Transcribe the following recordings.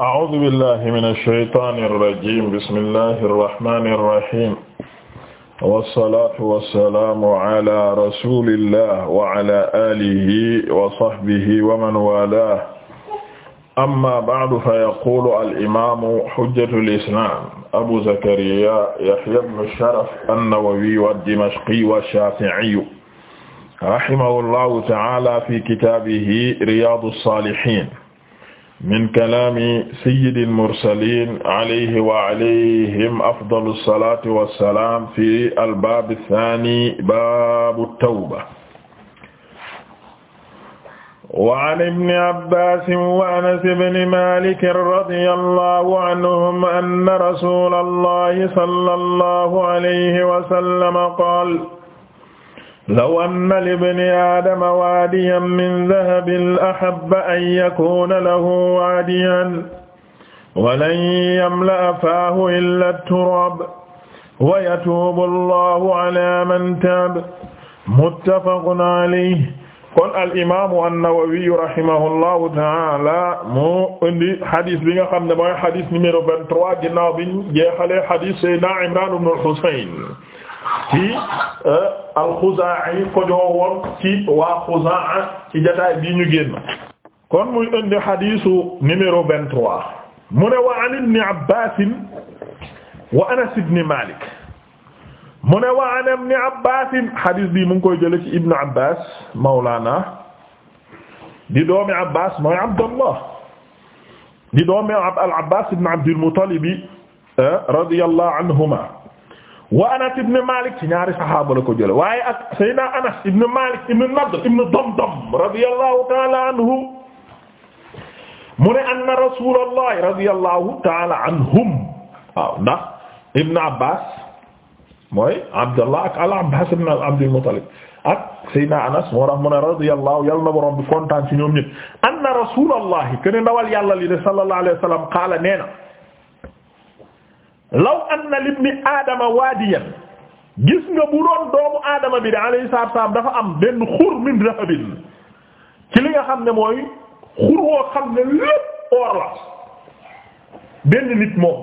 أعوذ بالله من الشيطان الرجيم بسم الله الرحمن الرحيم والصلاة والسلام على رسول الله وعلى آله وصحبه ومن والاه أما بعد فيقول الإمام حجة الإسلام أبو زكريا يحيى بن الشرف النووي والدمشقي والشافعي رحمه الله تعالى في كتابه رياض الصالحين min kalaami sayyidil mursaliin alayhi wa alayhim afdalu salaati wa salaam fi albaabi saani baabu tawba. wa an ibni abbaasin wa anas ibni maalikin radiyallaahu anhum anna rasuulallaahi sallallahu alayhi wa sallam qaala law anna libni aadama waadiyan min dahabin la ahabba an yakuuna lahu waadiyan wa lan yamla'a faahu illa turaab wa yatuubu allahu alaa man taab muttafaqun alayhi kon al imaamu an-Nawawi rahimahullahu taala mu indi hadis bi nga xam ne mooy hadis numéro 23 ginnaaw bi ñu jeexalee hadis Seydina Imraan ibn al-Husayn fii euh, al-Xuzaa'i ko joowoon ci waa Xuzaa ci jotaay bii ñu génn kon muy indi xadiisu numéro vingt-trois mu ne wa an ibni Abbaas wa Anas ibn Maalik mu ne wa an ibni Abbaas xadiis bii mu ngi koy jële ci ibnu Abbaas mawlaana di doomi Abbaas mooy Abdallah di doomi al-Abbaas ibn Abdil Muttalib euh, radiyallahu anhuma wa Anas ibn Malik ci ñaari saxaaba la ko jëlee waaye ak Seydina Anas ibn Malik ibn Nadr ibn Damdam radiyallahu ta'ala anhu mu ne anna Rasulullah radiyallahu ta'ala anhum waaw ndax Ibn Abbas mooy Abdallah ak al-Abbas ibn Abdul Muttalib ak Seydina Anas moo tax mu ne radiyallahu yàlla na borom bi kontaan ci ñoom ñëpp anna Rasulullah kenn ndawal yàlla li de sallallahu alayhi wa sallam qaala nee na law anna libni aadama waadiyan gis nga bu doon doomu aadama bi de alayhi salaatu salaam dafa am benn xur min rahabin ci li nga xam ne mooy xur woo xam ne lépp or la benn nit moom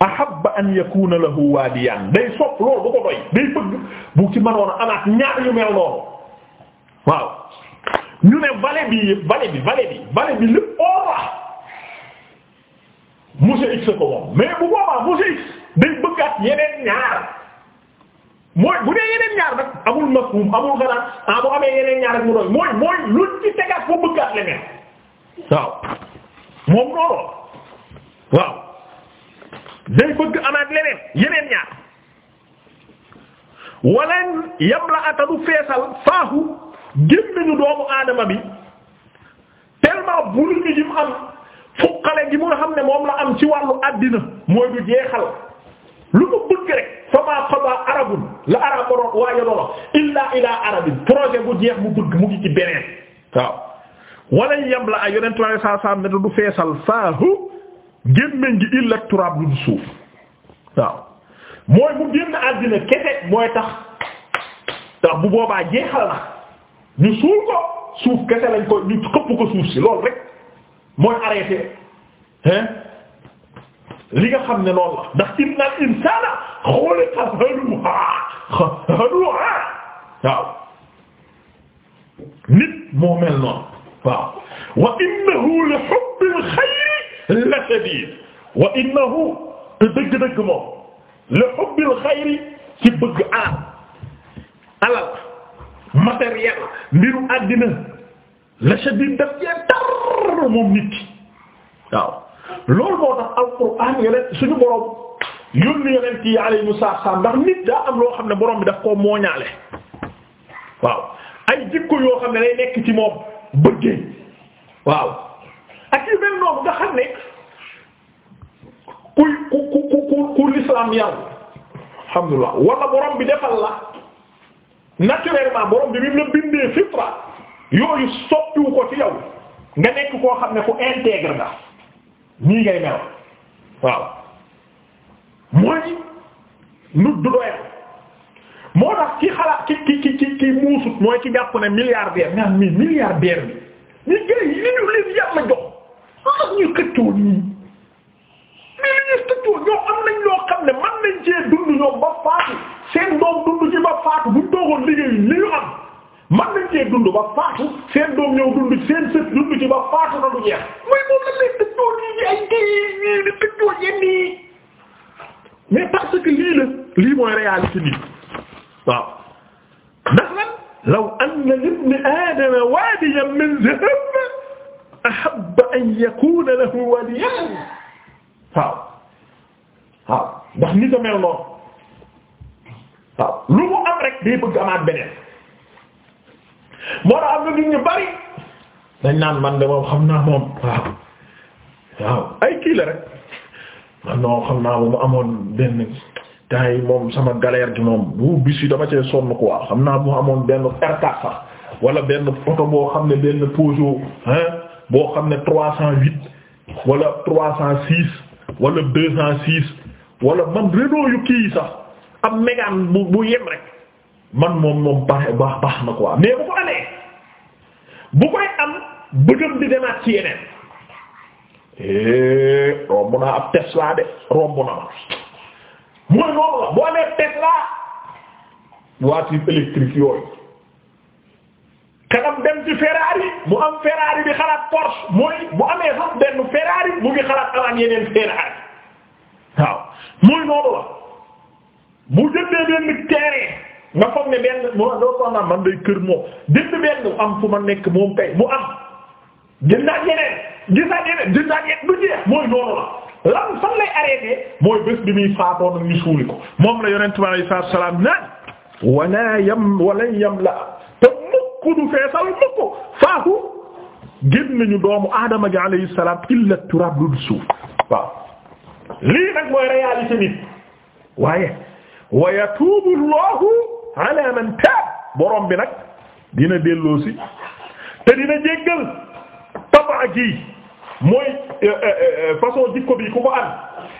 ahabba an yakuna lahu waadiyan day ko doy day bëgg bu ci mënoon a amaat ñaar yu mel noonu waaw ñu ne vallée bi vallée bi vallée bi vallée bi lépp or monsieur X ko moom mais bu boobaa monsieur X day bëggaat yeneen ñaar mooy bu dee yeneen ñaar nag amul mafhum amul xalaat ah bu amee yeneen ñaar mu doy mooy mooy luñ ci tegaat foo bëggaat leneen waaw moom noonu waaw day bëgg amaat leneen yeneen ñaar walan yamla atadu feesal faahu génn nañu doomu aadama bi tellement bulu ñu jim am fukkale gi mu a xam ne moom la am ci wàllu àddina mooy du jeexal lu mu bëgg rek fama qada arabun la arab doon waaye doon illaa ilaa arabin projet bu jeex mu bëgg mu ngi ci beneen waaw wala yam la ay yonent la saa saa ne du feesal faahu gémmiñ gi illa turab lu du suuf waaw mooy mu génn àddina kese mooy tax tax bu boobaa jeexal na ñu suul ko suuf kese lañ ko ñu xëpp ko suuf si loolu rek mooy arrêté hein li nga xam ne loolu la ndax innal insaana xuliqa haluu'aa haluu'aa waaw nit moo mel noonu waaw wa li hubbil xayri la shadiid wa innahu te dëgg-dëgg li hubbil xayri ci bëgg alal matériel mbiru àddina la shadid daf jee tar moom nit ki waaw loolu moo tax alquran yeneen suñu borom yónni yeneen kii alayhimu salaam ndax nit daa am loo xam ne boroom bi daf koo mooñaale waaw ay jikko yoo xam ne day nekk ci moom bëggee waaw ak yu mel noonu nga xam ne kuy ku ku ku ku l'islam yàlla alhamdulillah wala borom bi defal la naturellement borom bi bi mu bindee fitra yooyu soppiwu ko ci yow nga nekk koo xam ne ku intègre nga nii ngay mel waaw mooy nu du doyal moo tax ki xalaat ki ki ki ki muusut mooy ki jàpp ne milliardaire naan mi milliardaire bi ñu gëy li ñu leen yàlla jox ndax ñu xëccoo nii mais li ñu xëccoo ñoo am nañ loo xam ne man nañ cee dund ñoom ba faatu seen doom dund ci ba faatu bu toogoon liggéey li ñu am man nañ cee dund ba faatu seen doom ñëw dund seen sët dund ci ba faatu na du jeex mooy moom la lay dëddoo lii ñi ay téyi di dëddoo yenni mais parce que lii la lii mooy réalité bi waaw ndax lan law anna libni aadama waadiyan min dhahab ahabba an yakuna lahu waliyan waaw waaw ndax ni ko mel noonu waaw lu mu am rek day bëgg amaat beneen moo tax am na nit ñu bari dañ naan man de moom xam naa moom waaw waaw ay kii la rek man noo xam naa moom amoon benn temps yi moom sama galère gi moom bu bis yi dama cee sonn quoi xam naa bu amoon benn r sax wala benn oto boo xam ne benn Peugeot hein boo xam ne trois cent huit wala trois cent six wala deux cent six wala man Renault yu kii sax am Mégane bu bu yem rek. man moom moom baax baax baax na quoi mais bu ko amee bu koy am bëgëm di demaat ci yeneen eh, romb naa ab Tesla de romb na ma mooy loolu la boo amee Tesla voiture électrique yooyu kanam dem ci Ferrari mu am Ferrari bi xalaat Porsche mooy amee sax benn Ferrari mu ngi xalaat amaan yeneen Ferrari waaw mooy loolu la bu jëndee benn terrain nga foog ne benn mu doo ko man day kër moom jënd benn am fu ma nekk moom kay mu am jëndaat yeneen gisaat yeneen yeneen du jeex mooy noonu la lan fan lay arrêté mooy bés bi la yonent bi salaam naan wala yam wala yam la te mukk du feesal mukk faaku génn doomu aadama gi alayhi salaam turaab lu du suuf lii nag mooy réalité nit waaye wa yatuubu ala man borom bi nag dina delloosi te dina jéggal tabaa gi mooy eh, eh, eh, façon jikko bi ku ko am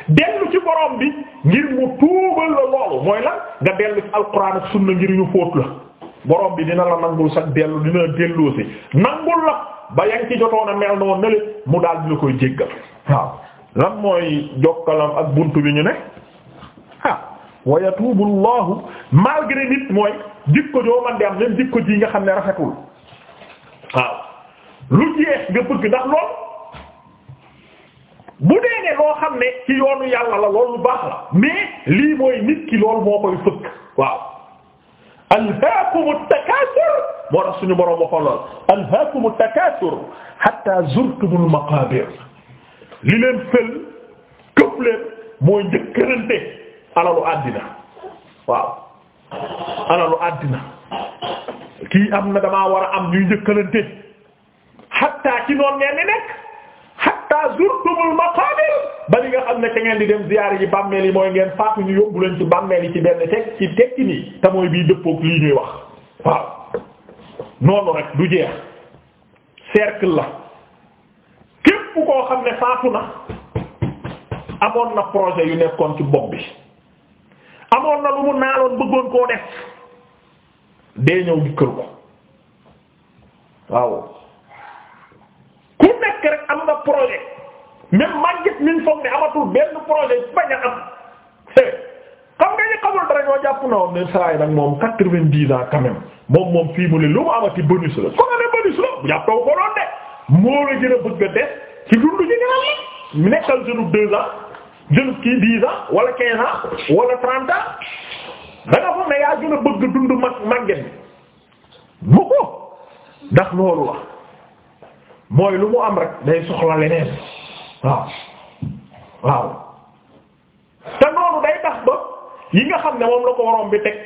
dellu ci borom bi ngir mu tuubal la loolu mooy la nga dellu ci alquran ak sunna ngir ñu fóot la borom bi dina la nangul sax dellu dina delloosi nangul la ba yang ci jotoon a mel noonu ne mu daal di la koy jéggal waaw lan mooy jokkalam ak buntu bi ñu ne ah. wa yatubu llahu malgré nit mooy jikko joo man di am même jikko nga xam ne rafetul waaw lu jeex nga bëgg ndax lool bu dee ne loo xam ne ci yoonu yàlla la loolu baax la mais lii mooy nit ki lool moo koy fëkk waaw alhaakumu takaasur moo tax suñu boroom waxoon lool alhaakumu takaasur hatta zurtumul maqaabir li leen fël këpp leen mooy njëkkërante alalu àddina waaw alalu àddina kii am na damaa war a am ñuy njëkkalante xatta ci noon ngeen di nekk xatta zurtumul maqabir ba li nga xam ne ca ngeen di dem ziyaar yi bàmmeel yi mooy ngeen faatu ñu yóbbu leen ci bàmmeel yi ci benn teg ci tekki nii te bii dëppook lii ñuy wax waaw noonu rek du jeex cercle la képp koo xam ne faatu na amoon na projet yu nekkoon ci bopp bi amoon na lu mu naaloon bëggoon koo def dee ñëw di ko waaw ku nekk rek am nga projet même màgget min foog ne amatul benn projet bañ a am xam nga ñu xamul dara ñoo jàpp na woon ne saa nag moom quatre-vingt-dix ans quand moom moom fii mu ne lu mu amati bonus la kon ne bonus la bu jàppoo ko doon de moo la gën a bëgg a def ci dundu ñu gën a nekkal sunu deux ans. jëlub kii dix ans wala quinze ans wala trente ans ne yaa gën bëgg dund mag màgget mu ko ndax loolu la mooy lu mu am rek day soxla leneen waaw waaw te noonu day tax ba yi nga xam ne moom la ko waroon bi teg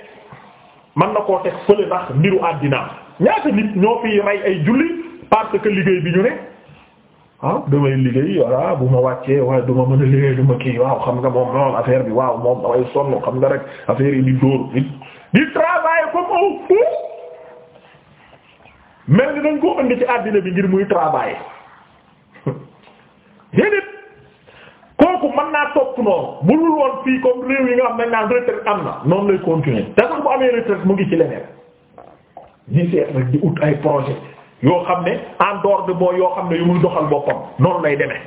mën na koo teg fële ndax mbiru àddina ñaata nit ñoo fiy rey ay julli parce que liggéey bi ñu ne ah damay liggéey voilà bu ma wàccee waaye du ma mën a liggéey du ma kii waaw xam nga moom noonu affaire bi waaw moom damay sonn xam nga rek affaire yi di dóor di di travailler comme un fou mel ni dañ koo indi ci àddina bi ngir muy travailler déedéet kooku mën naa topp noonu bu dul woon fii comme réew yi nga xam ne naan retraite am na noonu lay continuer te sax bu amee retraite mu ngi ci leneen di seet rek di ut ay projet yoo xam ne en dehors de mooy yoo xam ne yu muy doxal boppam noonu lay demee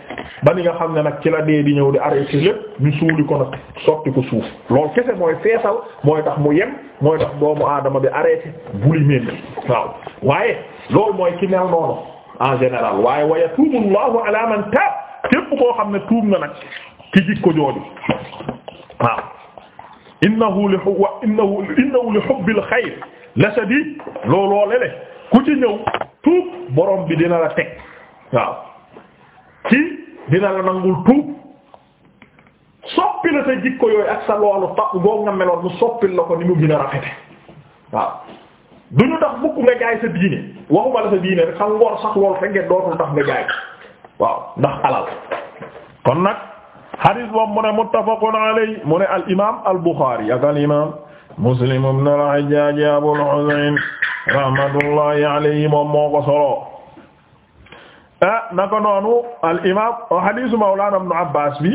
ba ni nga xam ne nag ci la dee di ñëw di arrêté lépp ñu suuli ko nag sotti ko suuf loolu kese mooy feesal mooy tax mu yem mooy tax doomu aadama bi arrêté bu li mel waaw waaye loolu mooy ki mel noonu en général waaye wa yatubu Allahu ala man taab képp koo xam ne tuub nga nag ki jikko jooju waaw innahu li innahu innahu li hubbil xayr la shadid looloo lele ku ci ñëw tuub borom bi dina la teg waaw ci dina la nangul tuub soppi la sa jikko yooyu ak sa loolu tax boo nga meloon soppil la ko ni mu gën a rafete waaw du ñu tax bukk nga jaay sa diine waxuma la sa diine rek sa ngor sax loolu rek dootul tax nga jaay waaw ndax alal kon nag hadis boobu mu ne muttafaqun alayhi mu ne al imaam al buxaari ak al imaam Muslim ibn al-Hajjaj Abul Husayn rahmatullahi alayhi moom moo ko solo ah naka noonu al imaam hadiisu Mawlana Ibn Abbas bi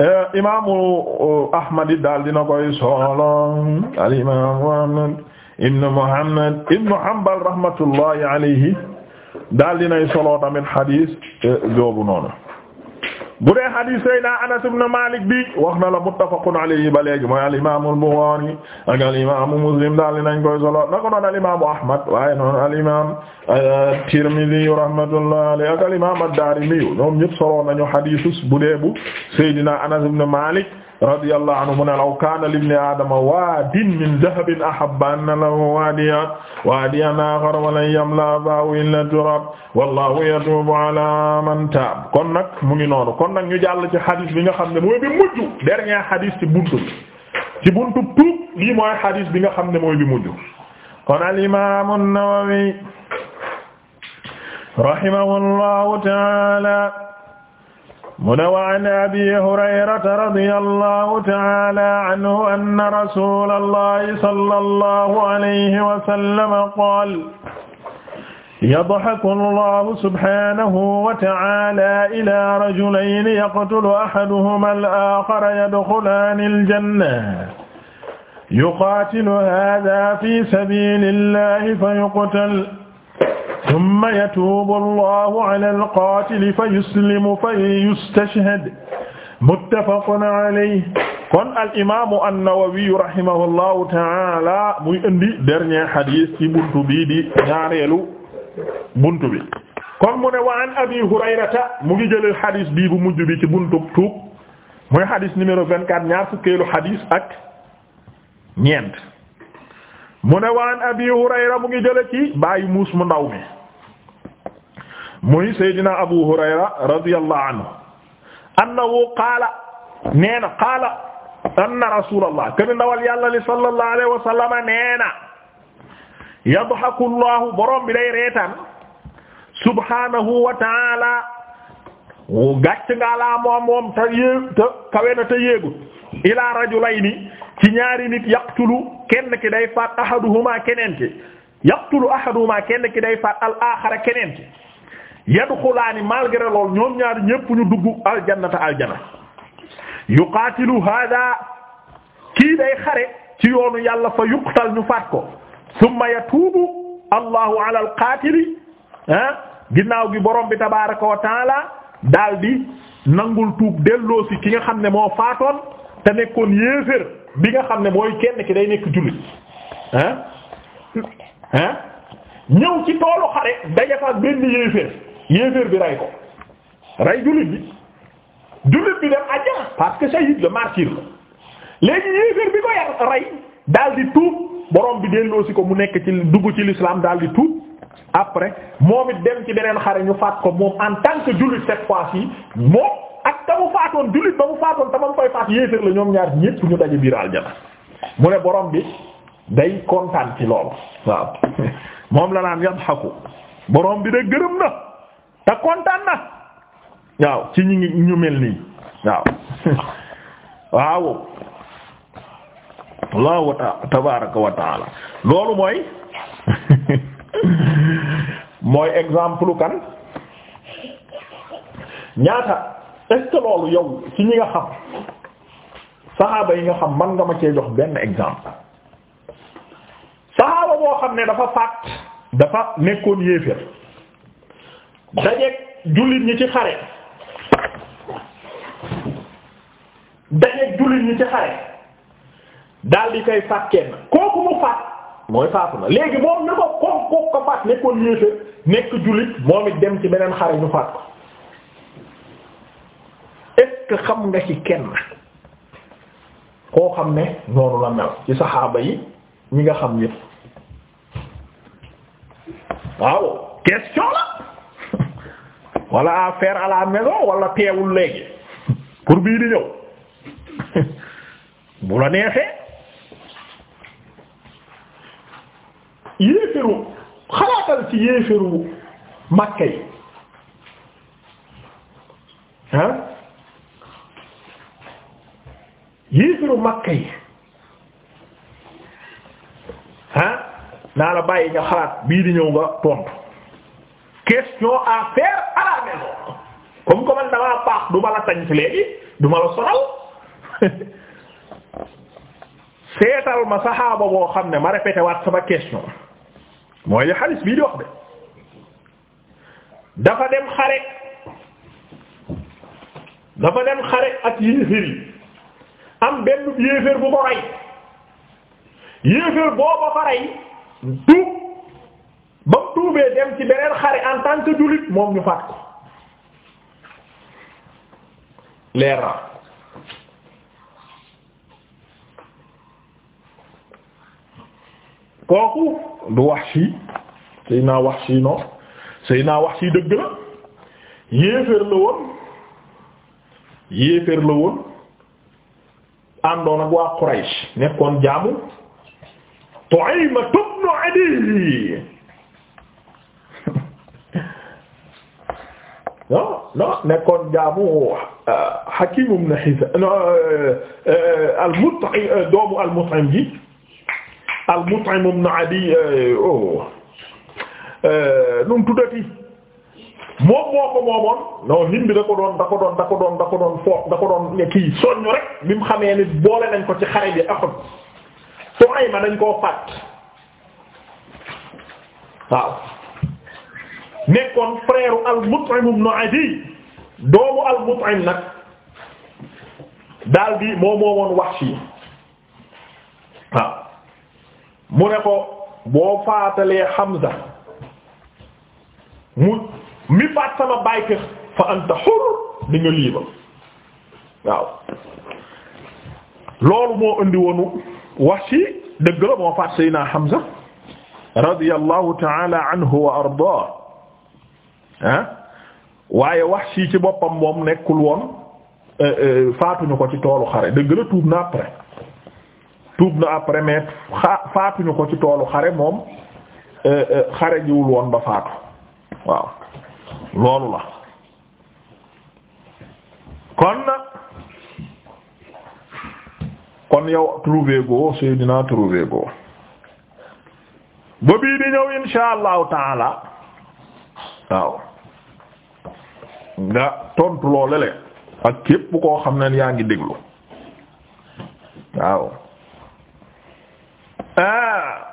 eh, imaamu uh, Ahmad daal dina koy solo al imaamu Ahmad ibn Muhammad ibn Hanbal rahmatullahi alayhi daal dinay solo tamit hadiis boobu eh, noonu. bu dee hadith sayna Anas ibn Malik bi wax na la muttafaqun alayhi ba léegi mooy al imaamu al-Bukhari ak al Muslim daal dinañ solo na ko noon al imaamu Ahmad waaye noonu al imaam at-Tirmidhi euh, rahmatullahi alayhi ak al imaam bu dee bu Anas ibn Malik radiyallahu anhu mu ne law kaana libni aadama waadin min dahabin ahabba anna lahu waadiyan waadiyan aaxar wa lan yamla baahu illa turaab wallahu yatuubu ala man taab kon nag mu ngi noonu kon nag ñu jàll ci xadis bi nga xam ne mooy bi mujj dernier xadis ci buntu bi ci buntu tuub lii mooy xadis bi nga xam ne mooy bi mujj kon al imaam an-Nawawi rahimahullahu ta'ala mu ne wa an abi hurayrata radiyallahu ta'ala anhu anna rasulallahi sallallahu alayhi wa sallam qaala yadhaku allahu subhanahu wa ta'ala ila rajulayni yaqtulu ahaduhuma al-akhara yadkhulaani al-janna yuqaatilu haadha fi sabiilillahi fayuqtal summa yatuubu allahu ala alqaatili fa yuslimu fa yustashhad muttafaqun alayhi kon al imaamu an-Nawawi rahimahullahu taala muy indi dernier hadith ci buntu bi di ñaareelu buntu bi kon mu ne wa an abi hurayrata mu ngi jëlal hadith bii bu mujj bi ci buntu tuub muy hadith numéro vingt-quatre ñaar fukkeelu hadith ak ñeent mu ne waan abi hurayra mu ngi jële ci bàyyi muus mu ndaw mi muy seydina abu hurayra radiyallahu anhu annahu qaala neena qaala anna rasulallah kene ndawal yàlla li sallallahu alayhi wa sallama neena yadhaku allahu borom bi day reetaan subhanahu wa taala gàcc ngaa laa moom moom te yéeg te kawe na ilaa rajulayni ci ñaari nit yaqtulu kenn ki day faat ahaduhuma keneen yaqtulu ahaduhuma kenn ki day faat al aaxara keneen ki yadxulaani malgré ñoom ñaari ñépp ñu dugg aljannata aljana yuqaatilu kii day xare ci yoonu yàlla fa yuqtal ñu faat ko summa yatuubu allahu ala al qaatili ah ginnaaw gi borom bi tabaaraka wa taala daldi nangul tuub delloo si ki nga xam ne moo faatoon te nekkoon yéeféer bi nga xam ne mooy kenn ki day nekk jullit ah ah ñëw ci toolu xare dajafaat benn yéeféer yéeféer bi rey ko rey jullit bi jullit bi dem àjjana parce que shahid le martyr la léegi yéeféer bi ko yar rey daldi tuub borom bi delloo ko mu nekk ci dugg ci l'islam daldi tuub après moom it dem ci beneen xare ñu faat ko moom en tant que jullit cette fois-ci moom ak ka mu faatoon jullit ba faatoon te koy faat yéeséer la ñoom ñaar ñépp ñu daje biir aljana mu ne borom bi day kontaan ci loolu waaw moom la naan yadhaku borom bi de gërëm na te kontaan na waaw ci ñu mel nii waaw waaw Allahu tabaaraka wa loolu mooy mooy exemple kan ñaata est yow ci ñi nga xam saxaaba yi nga xam man nga ma cee jox benn exemple saxaaba boo xam ne dafa faat dafa nekkoon yéeféer dajeek jullit ñi ci xare dajeek jullit ñi ci xare daal di koy faat kooku mu faat mooy faatu na léegi moom ni ko koom koom ko faat nekkoon yéeféer nekk jullit moom it dem ci beneen xare ñu faat ko est xam nga ci kenn koo xam ne noonu la mel ci saxaaba yi ñi nga xam yépp waaw question la wala affaire à la maison teewul léegi pour bii di ñëw bu la neexee yéeféru xalaatal ci yéeféru Makka yi ah yéeféru Makka yi naa la bàyyi nga xalaat bii di ñëw nga tontu question à faire à la maison comme que man damaa baax du ma la tañ ci du ma la sonal ma saxaaba boo xam ne ma répété waat sama question mooy li xalis bii di wax de dafa dem xare dafa dem xare ak yéeféer yi am benn yéeféer bu ko rey yéeféer boo ko fa rey tuub ba mu tuubee dem ci beneen xare en tant que jullit moom ñu faat ko kooku du Wahshi Seydina Wahshi no Seydina Wahshi dëgg la yéeféer la woon yéeféer la woon àndoon ak waa Quraysh nekkoon jaamu Tu'ayma ibn Adi non non nekkoon jaamu euh, Hakim ibn Hizam euh, euh, al-Mut'im doomu al-Mut'im ji al-Mut'im ibn Adi eh, oh eh, nu mu tuddati moom moo ko moomoon non him bi da ko doon da ko doon da ko doon da ko doon foofu da ko doon kii soññu rek bi mu xamee ni boole nañ ko ci xare bi ah, Uhud soo ay ma dañ koo faat waaw nekkoon frère al-Mut'im ibn Adi doomu al-Mut'im nag daal bi moo moomoon Wahshi waaw. mu ne ko boo faatalee Hamza mu mi faat sama baykër fa anta xur di nga liiba waaw loolu moo indi woonu wax ci dëgg la moo faat Seydina Hamza radiyallahu ta'ala anhu wa ardaa ah waaye wax ci ci boppam moom nekkul woon eh, eh, faatuñu ko ci toolu xare dëgg la tuub na après tuub na après mais faatuñu ko ci toolu xare moom euh, euh, xare jiwul woon ba faatu waaw loolu la kon kon yow trouvé go Seydina trouvé go ba bii di ñëw insha allahu taala waaw nga tontu loole le ak képp koo xam ne yaa ngi déglu waaw Ah.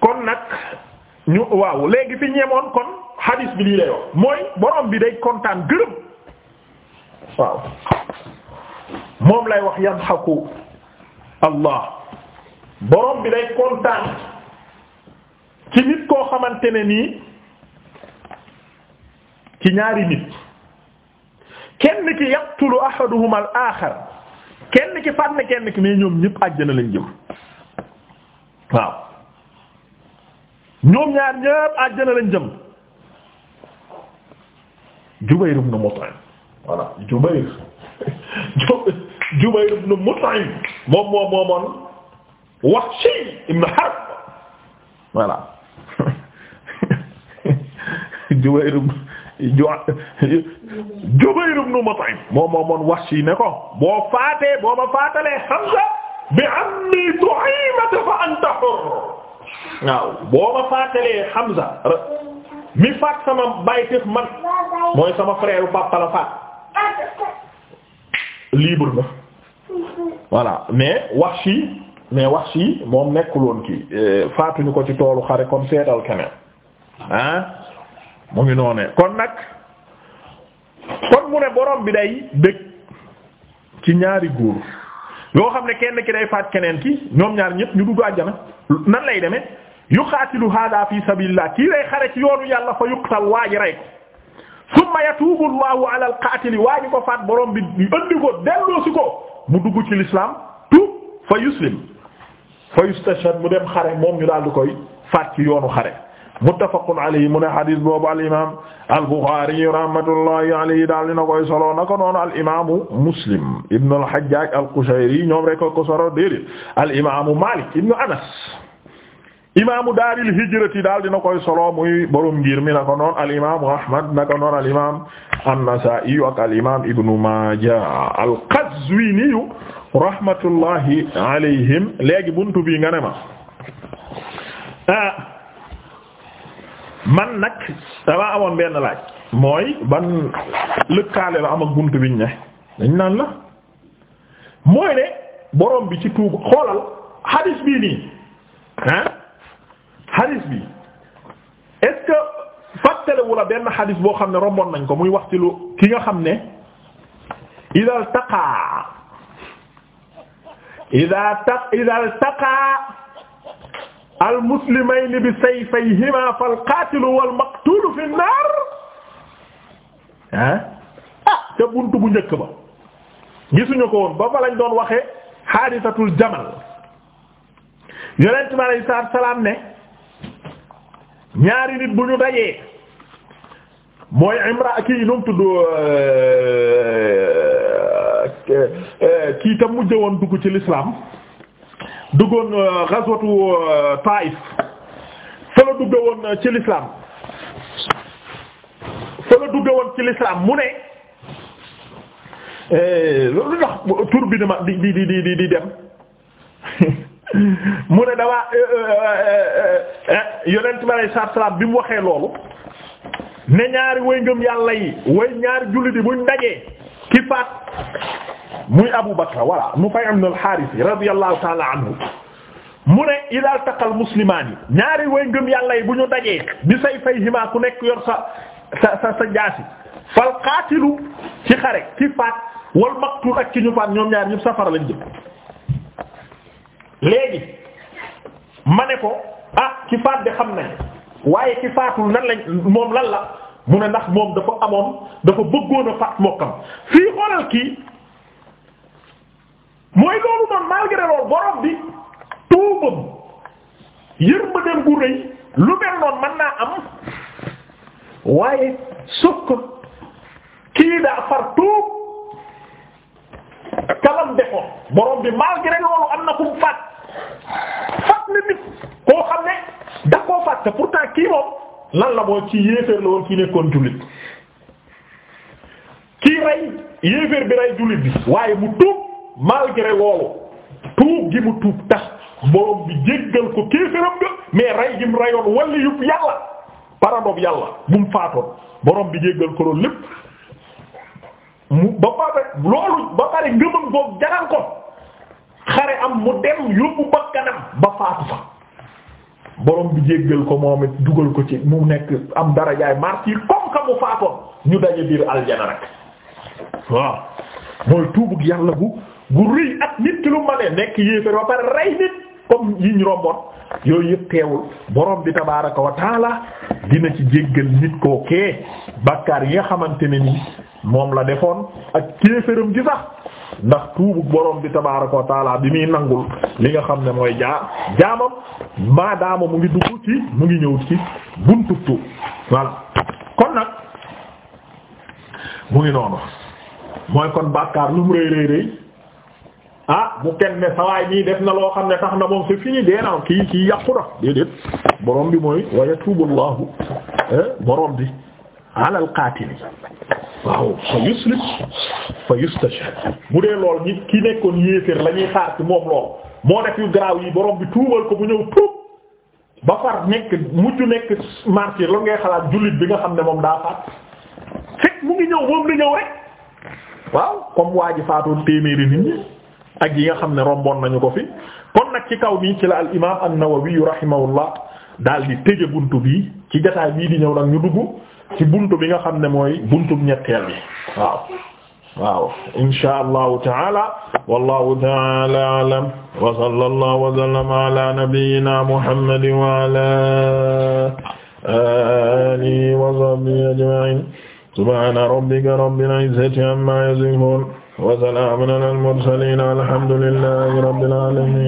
kon nag ñu waaw léegi fi ñemoon kon hadis bi lii lay wax mooy borom bi day kontaan gërëm waaw moom lay wax yadhaku allah borom bi day kontaan ci nit koo xamante ne nii ci ñaari nit kenn ki yaqtulu ahaduhuma al kenn ki faat na kenn ki mais ñoom ñëpp àjjana lañ jëm waaw ñoom ñaar ñëpp àjjana lañ jëm Jubayr ibn Mut'im voilà Jubayr Jubayr ibn Mut'im moom moom moomoon Wahshi ibn Harb voilà Jubayr ibn Jubayr ibn Mut'im moom moo moon Wahshi ne ko boo faatee boo ma faatalee Hamza bi ammi Tu'ayma fa anta hurr waaw boo faatalee Hamza mi faat sama bayteef man mooy sama frère papa la faat libre na voilà mais wax Wahshi mais wax Wahshi moom nekkuloon kii eh, faatuñu ko ci toolu xare kon seetal keneen ah mu ngi noonee kon nag kon mu ne borom bi day bëgg ci ñaari góor yoo xam ne kenn ki day faat keneen ki ñoom ñaar ñëpp ñu dugg àjjana nan lay demee yu hada fi sabilillah kii lay xare ci yoonu yàlla fa yuqtal waa ji rey ko summa yatubu allahu ala waa ji ko faat borom bi ëndi ko delloosi ko mu dugg ci l'islam tout fa yuslim fa yustashhad mu dem xare moom ñu daal di koy faat ci yoonu xare muttafaqun alayhi mu ne xadis boobu al imaam al buxaari rahmatullahi alayhi daal dina koy solo naka noonu al imaamu muslim ibn al hajjaaj al qushayri ñoom rek ko solo déedéet al imaamu maalik ibn anas imaamu daaril hijrati daal dina koy solo muy borom ngir mi naka noonu al imaamu ahmad naka noonu al imaam an-nasaa'i ak al imaam ibnu maaja al qazwiini rahmatullahi alayhim léegi buntu bi nga ne ma ah. man nag damaa amoon benn laaj mooy ban lëkkaale la am ak bunt biñ ne dañ naan la mooy ne borom bi ci tuub xoolal hadis bii nii ah hadis bi est-ce la benn hadis boo xam ne romboon nañ ko muy wax ci lu ki nga xam ne idal taqaa idal taq idal taqaa al muslimayni bi sayfayhima fal qaatilu wal maqtuulu fi naar ah ah ca buntu bu njëkk ba gisuñu ko woon ba fa lañ doon waxee haadisatul jamal yonent bi alayhi salaatu salaam ne ñaari nit bu ñu dajee mooy imra kii nu mu tudd euh, euh, kii tam mujj woon dugg ci lislaam duggoon euh, ghazwatu euh, Taif fa la dugge woon euh, ci l'islam fa la dugge woon ci l'islam mu ne loolu eh, tax tur bi dama di di di dem mu ne damaa eh, yonent bi alayhi salaatu bi mu waxee loolu ne ñaari way ngëm yàlla yi way ñaari jullit yi buñ dajee ki faat muy Abu Bakra voilà Nufay' ibn al-Harith radiyallahu ta'ala anhu mu ne ila altaqa al-muslimaani ñaari way ngëm yàlla bu ñu dajee bi sayfayhimaa ku nekk yor sa sa sa jaasi fal qaatilu ci xare ci faat wal maqtul ak ki ñu faat ñoom ñaar ñëpp safara lañ jëm léegi ma ne ko ah ci faat de xam nañ waaye ci faatul nan lañ moom lan la mu ne ndax moom dafa amoon dafa bëggoon a faat mbokkam fii xoolal kii mooy loolu noonu malgré loolu borom bi tuubam yërmandeem gu rëy lu mel noonu mën naa am waaye sukk kii daa far tuub kalam defoon borom bi malgré loolu am na ku mu faat faat na nit koo xam ne da koo faat te pourtant kii moom lan la mooy ci yéeféer la woon kii nekkoon jullit kii rey yéeféer bi rey jullit bi waaye mu tuub malgré loolu tuub gi mu tuub tax borom bi jéggal ko kéeféram nga mais ray gi mu rayoon walli yub yàlla paradob yàlla bu mu faatoon borom bi jéggal ko loolu lépp mu ba pare loolu ba pare ngëmam goog jaral ko xare am mu dem yóbbu bakkanam ba faatu fa borom bi jéggal ko moom dugal ko ci mu nekk am darajaay martyr comme mu faatoon ñu daje biir aljana rek waaw mooy tuubug yàlla bu gu rëy ak nit ki lu ma ne nekk yéeféer ba pare rey nit comme yiñ rombon yooyu yëpp teewul borom bi tabaaraka wa taala dina ci jéggal nit koo kee bakkaar yi nga xamante ne ni moom la defoon ak kéeféram gi sax ndax tuubu borom bi tabaaraka wa bi muy nangul li nga xam ne mooy jaa jaamam maadaama mu ngi dugg ci mu ngi ñëw ci buntu tuub voilà kon nag mu ngi noonu mooy kon bakkaar lu mu rëy rëy rëy ah bu kenn ne sawaay nii def na loo xam ne tax na moom c'est fini dee na kii ki yàqu na déedéet borom bi mooy wa yatubu eh, bi ala al-qaatili waaw fa yuslim fa yustashhad bu dee lool nit ki nekkoon yéeféer lañuy ñuy xaar ci moom lool moo def yu garaaw yi borom bi tuubal ko bu ñëw tuub ba far nekk mujj nekk martyr la ngay xalaat jullit bi nga xam ne moom daa faat fekk mu ngi ñëw moom la ñëw rek waaw comme waa ji faatoon téeméeri nit ñi ak yi nga xam ne romboon nañu ko fi kon nag ci kaw nii ci la al imaam an-Nawawi rahimahullah daal di tëje buntu bi ci jotaay bii di ñëw nag ñu dugg ci buntu bi nga xam ne mooy buntu ñetteel bi waaw waaw insha allahu taala wallahu taala alam wa sallallahu wa sallama ala nabiyyina muhammadin wa amma yasifun wa salaamun alal mursaliin alhamdulillaahi rabbil aalamiin